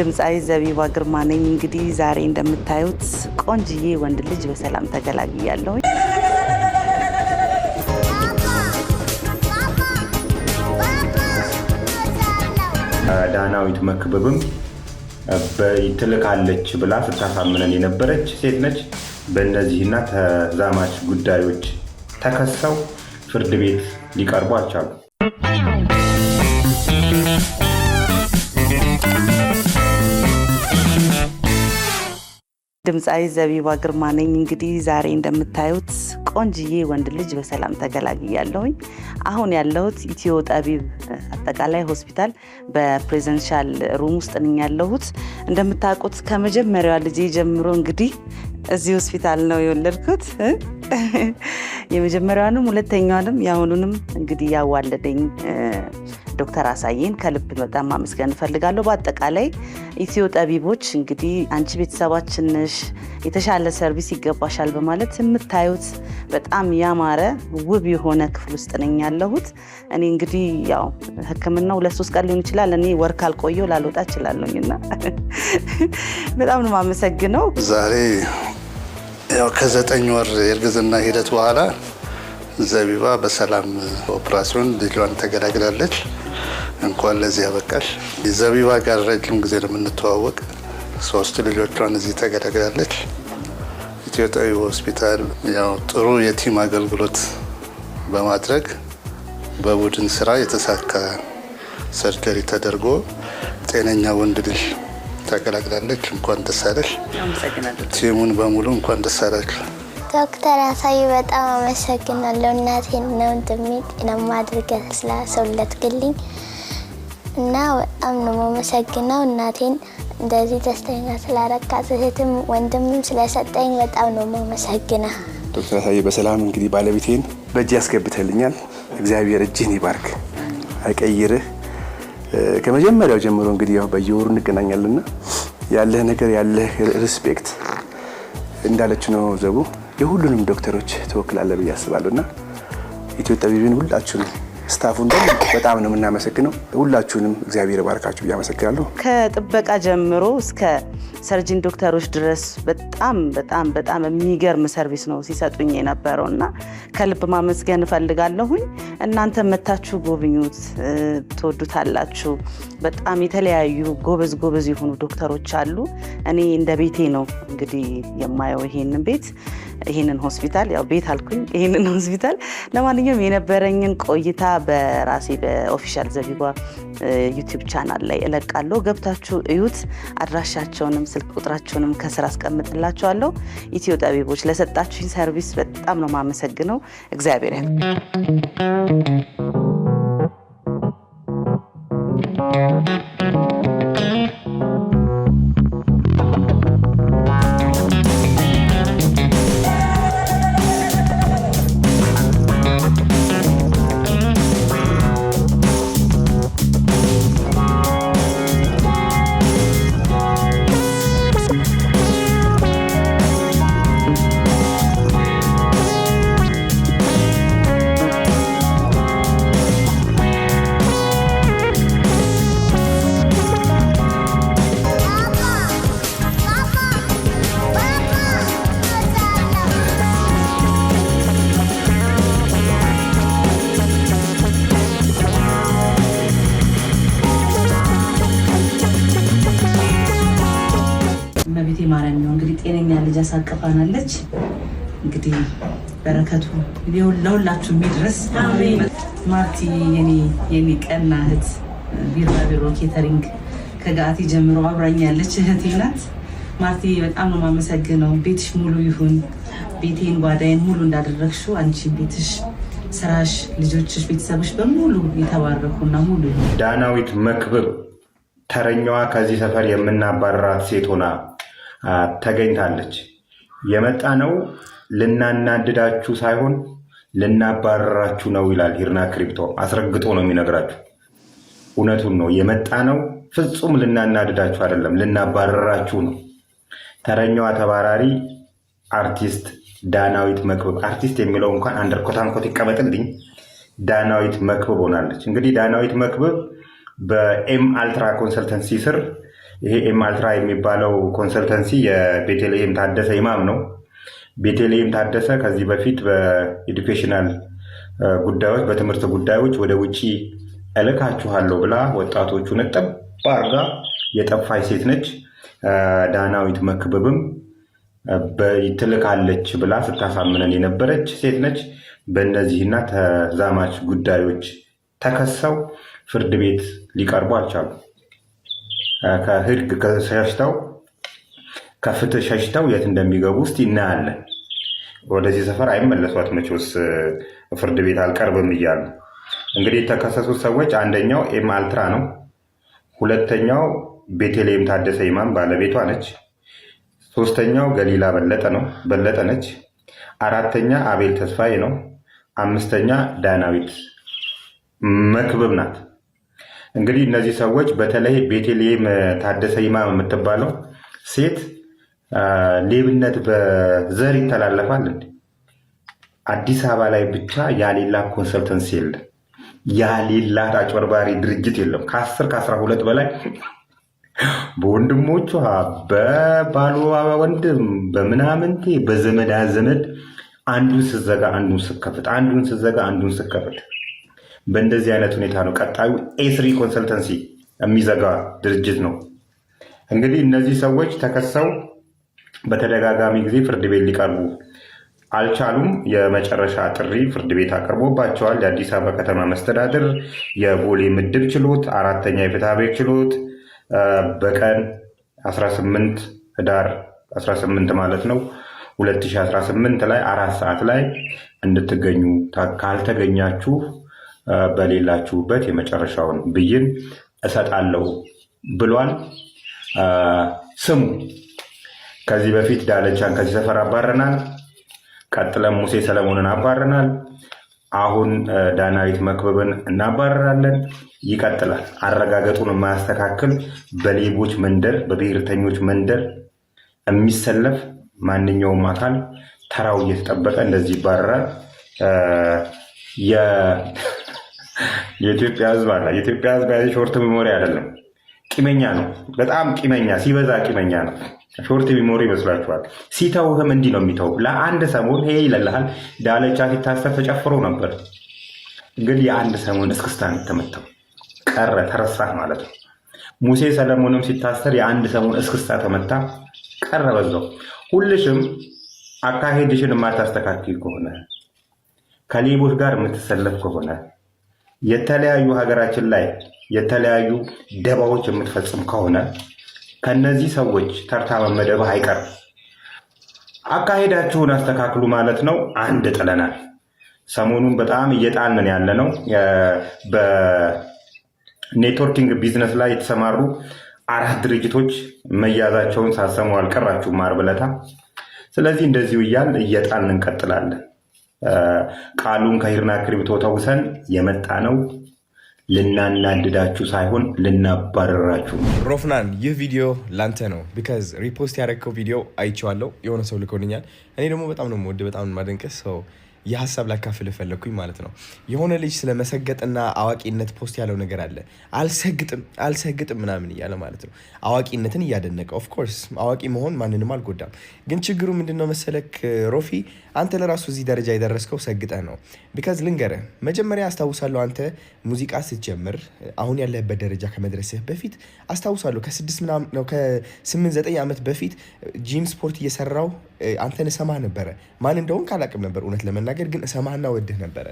ድምፃዊ ዘቢባ ግርማ ነኝ። እንግዲህ ዛሬ እንደምታዩት ቆንጅዬ ወንድ ልጅ በሰላም ተገላግያለሁ። ዳናዊት መክብብም ትልካለች ብላ ስታሳምነን የነበረች ሴት ነች። በእነዚህና ተዛማች ጉዳዮች ተከሰው ፍርድ ቤት ሊቀርቡ አልቻሉ። ድምፃዊ ዘቢባ ግርማ ነኝ። እንግዲህ ዛሬ እንደምታዩት ቆንጅዬ ወንድ ልጅ በሰላም ተገላግያለሁኝ። አሁን ያለሁት ኢትዮ ጠቢብ አጠቃላይ ሆስፒታል በፕሬዘንሻል ሩም ውስጥ ነኝ ያለሁት። እንደምታውቁት ከመጀመሪያዋ ልጄ ጀምሮ እንግዲህ እዚህ ሆስፒታል ነው የወለድኩት። የመጀመሪያዋንም ሁለተኛዋንም የአሁኑንም እንግዲህ ያዋለደኝ ዶክተር አሳየን ከልብ በጣም ማመስገን እፈልጋለሁ። በአጠቃላይ ኢትዮ ጠቢቦች እንግዲህ አንቺ ቤተሰባችን ነሽ፣ የተሻለ ሰርቪስ ይገባሻል በማለት የምታዩት በጣም ያማረ ውብ የሆነ ክፍል ውስጥ ነኝ ያለሁት። እኔ እንግዲህ ያው ሕክምና ሁለት ሶስት ቀን ሊሆን ይችላል። እኔ ወር ካልቆየው ላልወጣ እችላለሁኝ እና በጣም ነው ማመሰግነው ዛሬ ያው ከዘጠኝ ወር የእርግዝና ሂደት በኋላ ዘቢባ በሰላም ኦፕራሲዮን ልጇን ተገላግላለች። እንኳን ለዚህ ያበቃል። ዘቢባ ጋር ረጅም ጊዜ ነው የምንተዋወቅ ሶስት ልጆቿን እዚህ ተገደግዳለች። ኢትዮጵያዊ ሆስፒታል ያው ጥሩ የቲም አገልግሎት በማድረግ በቡድን ስራ የተሳካ ሰርጀሪ ተደርጎ ጤነኛ ወንድ ልጅ ተገላግላለች። እንኳን ደስ አለሽ። ቲሙን በሙሉ እንኳን ደስ አላችሁ። ዶክተር አሳይ በጣም አመሰግናለሁ። እናቴን ነው ድሜ ጤናማ አድርገህ ግልኝ እና በጣም ነው የማመሰግነው እናቴን እንደዚህ ደስተኛ ስላረካ እህትም ወንድምም ስለሰጠኝ በጣም ነው የማመሰግነው። ዶክተር አሳየ በሰላም እንግዲህ ባለቤቴን በእጅ ያስገብተልኛል። እግዚአብሔር እጅህን ይባርክ አይቀይርህ። ከመጀመሪያው ጀምሮ እንግዲህ ያው በየወሩ እንገናኛለንና ያለህ ነገር ያለህ ሪስፔክት እንዳለች ነው ዘቡ የሁሉንም ዶክተሮች ትወክላለህ ብዬ አስባለሁ እና ኢትዮጵያ ቢቢን ሁላችሁ ነው ስታፉን ደግሞ በጣም ነው የምናመሰግነው። ሁላችሁንም እግዚአብሔር ባርካችሁ እያመሰግናለሁ። ከጥበቃ ጀምሮ እስከ ሰርጅን ዶክተሮች ድረስ በጣም በጣም በጣም የሚገርም ሰርቪስ ነው ሲሰጡኝ የነበረው እና ከልብ ማመስገን እፈልጋለሁኝ። እናንተ መታችሁ ጎብኙት፣ ትወዱታላችሁ። በጣም የተለያዩ ጎበዝ ጎበዝ የሆኑ ዶክተሮች አሉ። እኔ እንደ ቤቴ ነው እንግዲህ የማየው ይሄንን ቤት ይህንን ሆስፒታል ያው ቤት አልኩኝ ይህንን ሆስፒታል። ለማንኛውም የነበረኝን ቆይታ በራሴ በኦፊሻል ዘቢባ ዩቲዩብ ቻናል ላይ እለቃለሁ። ገብታችሁ እዩት። አድራሻቸውንም ስልክ ቁጥራቸውንም ከስር አስቀምጥላቸዋለሁ። ኢትዮ ጠቢቦች ለሰጣችሁኝ ሰርቪስ በጣም ነው የማመሰግነው። እግዚአብሔር ያል ልጅ አሳቅፋናለች። እንግዲህ በረከቱ ለሁላችሁ የሚድረስ ማርቲ፣ የኔ ቀና እህት ቢራቢሮ ኬተሪንግ ከጋቲ ጀምሮ አብራኛለች እህቴ ናት። ማርቲ በጣም ነው የማመሰግነው። ቤትሽ ሙሉ ይሁን። ቤቴን ጓዳይን ሙሉ እንዳደረግሽው አንቺ ቤትሽ፣ ስራሽ፣ ልጆችሽ፣ ቤተሰቦች በሙሉ የተባረኩና ሙሉ ዳናዊት መክብብ ተረኛዋ ከዚህ ሰፈር የምናባረራት ሴት ሆና ተገኝታለች። የመጣ ነው ልናናድዳችሁ ሳይሆን ልናባረራችሁ ነው ይላል ሂርና ክሪፕቶ። አስረግጦ ነው የሚነግራችሁ። እውነቱን ነው። የመጣ ነው ፍጹም ልናናድዳችሁ አይደለም፣ ልናባረራችሁ ነው። ተረኛዋ ተባራሪ አርቲስት ዳናዊት መክብብ፣ አርቲስት የሚለው እንኳን አንደር ኮታንኮት ይቀመጥልኝ። ዳናዊት መክብብ ሆናለች። እንግዲህ ዳናዊት መክብብ በኤም አልትራ ኮንሰልተንሲ ስር ይሄ ኤም አልትራ የሚባለው ኮንሰልተንሲ የቤተልሔም ታደሰ ኢማም ነው። ቤተልሔም ታደሰ ከዚህ በፊት በኤዱኬሽናል ጉዳዮች፣ በትምህርት ጉዳዮች ወደ ውጭ እልካችኋለሁ ብላ ወጣቶቹን ጠብ አርጋ የጠፋች ሴት ነች። ዳናዊት መክብብም ትልካለች ብላ ስታሳምነን የነበረች ሴት ነች። በእነዚህና ተዛማች ጉዳዮች ተከሰው ፍርድ ቤት ሊቀርቡ አልቻሉም። ከህግ ሸሽተው ከፍትህ ሸሽተው የት እንደሚገቡ ውስጥ እናያለን። ወደዚህ ሰፈር አይመለሷት መቼስ ፍርድ ቤት አልቀርብም እያሉ እንግዲህ የተከሰሱት ሰዎች አንደኛው ኤም አልትራ ነው። ሁለተኛው ቤቴሌም ታደሰ ኢማም ባለቤቷ ነች። ሶስተኛው ገሊላ በለጠ ነው በለጠ ነች። አራተኛ አቤል ተስፋዬ ነው። አምስተኛ ዳናዊት መክብብ ናት። እንግዲህ እነዚህ ሰዎች በተለይ ቤተልሔም ታደሰ ይማም የምትባለው ሴት ሌብነት በዘር ይተላለፋል። አዲስ አበባ ላይ ብቻ ያሌላ ኮንሰልተንስ የለም፣ ያሌላ አጭበርባሪ ድርጅት የለም። ከአስር ከአስራ ሁለት በላይ በወንድሞቿ በባሏ ወንድም በምናምንቴ በዘመዳ ዘመድ አንዱን ስዘጋ አንዱን ስከፍት፣ አንዱን ስዘጋ አንዱን ስከፍት በእንደዚህ አይነት ሁኔታ ነው ቀጣዩ ኤስሪ ኮንሰልተንሲ የሚዘጋ ድርጅት ነው። እንግዲህ እነዚህ ሰዎች ተከሰው በተደጋጋሚ ጊዜ ፍርድ ቤት ሊቀርቡ አልቻሉም። የመጨረሻ ጥሪ ፍርድ ቤት አቅርቦባቸዋል። የአዲስ አበባ ከተማ መስተዳድር የቦሌ ምድብ ችሎት አራተኛ የፍትሐ ብሔር ችሎት በቀን 18 ህዳር 18 ማለት ነው 2018 ላይ አራት ሰዓት ላይ እንድትገኙ ካልተገኛችሁ በሌላችሁበት የመጨረሻውን ብይን እሰጣለሁ ብሏል። ስሙ። ከዚህ በፊት ዳለቻን ከዚህ ሰፈር አባረናል። ቀጥለም ሙሴ ሰለሞንን አባረናል። አሁን ዳናዊት መክብብን እናባረራለን። ይቀጥላል። አረጋገጡን የማያስተካክል በሌቦች መንደር፣ በብሔርተኞች መንደር የሚሰለፍ ማንኛውም አካል ተራው እየተጠበቀ እንደዚህ ይባረራል። የኢትዮጵያ ህዝብ አለ። የኢትዮጵያ ህዝብ ያዘ ሾርት ሚሞሪ አይደለም፣ ቂመኛ ነው። በጣም ቂመኛ፣ ሲበዛ ቂመኛ ነው። ሾርት ሚሞሪ ይመስላችኋል። ሲተውህም እንዲህ ነው የሚተው። ለአንድ ሰሞን ይሄ ይለልሃል። ዳለቻ ሲታሰር ተጨፍሮ ነበር። ግን የአንድ ሰሞን እስክስታን የተመታው ቀረ፣ ተረሳህ ማለት ነው። ሙሴ ሰለሞንም ሲታሰር የአንድ ሰሞን እስክስታ ተመታ፣ ቀረ፣ በዛው። ሁልሽም አካሄድሽን የማታስተካክል ከሆነ ከሌቦች ጋር የምትሰለፍ ከሆነ የተለያዩ ሀገራችን ላይ የተለያዩ ደባዎች የምትፈጽም ከሆነ ከነዚህ ሰዎች ተርታ መመደብ አይቀርም። አካሄዳችሁን አስተካክሉ ማለት ነው። አንድ ጥለናል። ሰሞኑን በጣም እየጣልን ያለ ነው። በኔትወርኪንግ ቢዝነስ ላይ የተሰማሩ አራት ድርጅቶች መያዛቸውን ሳሰሙ አልቀራችሁም ዓርብ ዕለት። ስለዚህ እንደዚሁ እያል እየጣልን እንቀጥላለን። ቃሉን ከሂርና ክርቢቶ ተውሰን የመጣ ነው ልናናድዳችሁ ሳይሆን ልናባረራችሁ። ሮፍናን ይህ ቪዲዮ ላንተ ነው። ቢካዝ ሪፖስት ያደረግከው ቪዲዮ አይቼዋለሁ፣ የሆነ ሰው ልኮልኛል። እኔ ደግሞ በጣም ነው የምወድ፣ በጣም ማደንቀስ ሰው የሀሳብ ላካፍል ፈለግኩኝ ማለት ነው። የሆነ ልጅ ስለ መሰገጥና አዋቂነት ፖስት ያለው ነገር አለ። አልሰግጥም አልሰግጥም ምናምን እያለ ማለት ነው። አዋቂነትን እያደነቀ ኦፍኮርስ አዋቂ መሆን ማንንም አልጎዳም። ግን ችግሩ ምንድነው መሰለክ ሮፊ፣ አንተ ለራሱ እዚህ ደረጃ የደረስከው ሰግጠህ ነው። ቢካዝ ልንገርህ፣ መጀመሪያ አስታውሳለሁ አንተ ሙዚቃ ስትጀምር አሁን ያለህበት ደረጃ ከመድረስህ በፊት አስታውሳለሁ ከስድስት ምናምን ከስምንት ዘጠኝ ዓመት በፊት ጂም ስፖርት እየሰራው አንተን እሰማ ነበረ። ማን እንደሆን ካላቅም ነበር እውነት ለመናገር ግን እሰማህና ወድህ ነበረ።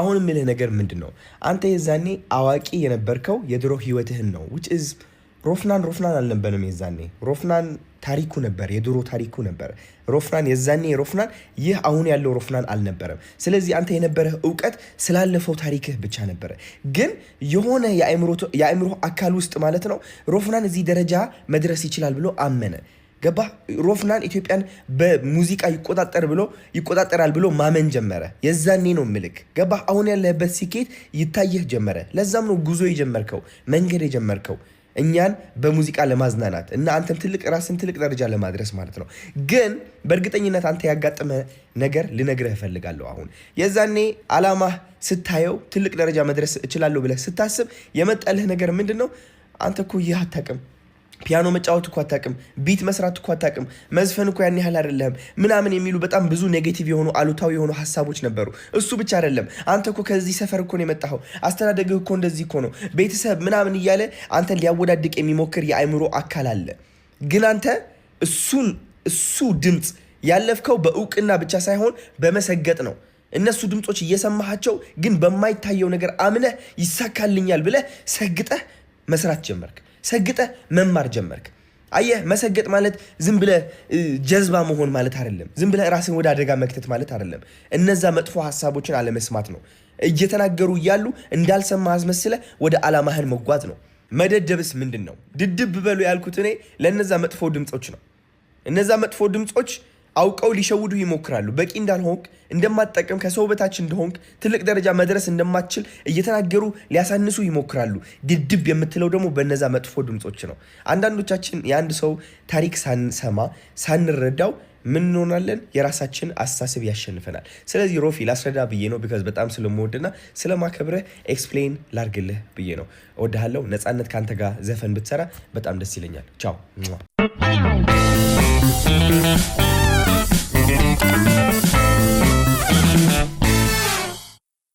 አሁን የምልህ ነገር ምንድን ነው? አንተ የዛኔ አዋቂ የነበርከው የድሮ ህይወትህን ነው። ዊች ኢዝ ሮፍናን ሮፍናን አልነበረም የዛኔ። ሮፍናን ታሪኩ ነበር፣ የድሮ ታሪኩ ነበር ሮፍናን የዛኔ ሮፍናን። ይህ አሁን ያለው ሮፍናን አልነበረም። ስለዚህ አንተ የነበረህ እውቀት ስላለፈው ታሪክህ ብቻ ነበረ። ግን የሆነ የአእምሮ አካል ውስጥ ማለት ነው ሮፍናን እዚህ ደረጃ መድረስ ይችላል ብሎ አመነ። ገባ ሮፍናን ኢትዮጵያን በሙዚቃ ይቆጣጠር ብሎ ይቆጣጠራል ብሎ ማመን ጀመረ። የዛኔ ነው ምልክ ገባ አሁን ያለህበት ስኬት ይታየህ ጀመረ። ለዛም ነው ጉዞ የጀመርከው መንገድ የጀመርከው እኛን በሙዚቃ ለማዝናናት እና አንተም ትልቅ ራስን ትልቅ ደረጃ ለማድረስ ማለት ነው። ግን በእርግጠኝነት አንተ ያጋጠመ ነገር ልነግረህ እፈልጋለሁ። አሁን የዛኔ አላማ ስታየው ትልቅ ደረጃ መድረስ እችላለሁ ብለህ ስታስብ የመጣልህ ነገር ምንድን ነው? አንተ እኮ ይህ አታውቅም ፒያኖ መጫወት እኮ አታቅም፣ ቢት መስራት እኮ አታቅም፣ መዝፈን እኮ ያን ያህል አይደለም ምናምን የሚሉ በጣም ብዙ ኔጌቲቭ የሆኑ አሉታዊ የሆኑ ሀሳቦች ነበሩ። እሱ ብቻ አይደለም፣ አንተ እኮ ከዚህ ሰፈር እኮ ነው የመጣኸው፣ አስተዳደግህ እኮ እንደዚህ እኮ ነው፣ ቤተሰብ ምናምን እያለ አንተ ሊያወዳድቅ የሚሞክር የአእምሮ አካል አለ። ግን አንተ እሱን እሱ ድምፅ ያለፍከው በእውቅና ብቻ ሳይሆን በመሰገጥ ነው። እነሱ ድምፆች እየሰማሃቸው ግን በማይታየው ነገር አምነህ ይሳካልኛል ብለህ ሰግጠህ መስራት ጀመርክ። ሰግጠ መማር ጀመርክ። አየህ መሰገጥ ማለት ዝም ብለ ጀዝባ መሆን ማለት አይደለም። ዝም ብለ ራስን ወደ አደጋ መክተት ማለት አይደለም። እነዛ መጥፎ ሀሳቦችን አለመስማት ነው። እየተናገሩ እያሉ እንዳልሰማ አስመስለ ወደ አላማህን መጓዝ ነው። መደደብስ ምንድን ነው? ድድብ በሉ ያልኩት እኔ ለእነዛ መጥፎ ድምፆች ነው። እነዛ መጥፎ ድምፆች አውቀው ሊሸውዱ ይሞክራሉ። በቂ እንዳልሆንክ፣ እንደማትጠቅም፣ ከሰው በታች እንደሆንክ፣ ትልቅ ደረጃ መድረስ እንደማትችል እየተናገሩ ሊያሳንሱ ይሞክራሉ። ድድብ የምትለው ደግሞ በነዛ መጥፎ ድምፆች ነው። አንዳንዶቻችን የአንድ ሰው ታሪክ ሳንሰማ ሳንረዳው ምን እንሆናለን? የራሳችን አስተሳሰብ ያሸንፈናል። ስለዚህ ሮፊ ላስረዳ ብዬ ነው ቢካዝ በጣም ስለምወድና ስለማከብረህ ኤክስፕሌን ላርግልህ ብዬ ነው። እወድሃለሁ። ነፃነት ከአንተ ጋር ዘፈን ብትሰራ በጣም ደስ ይለኛል። ቻው Thank you.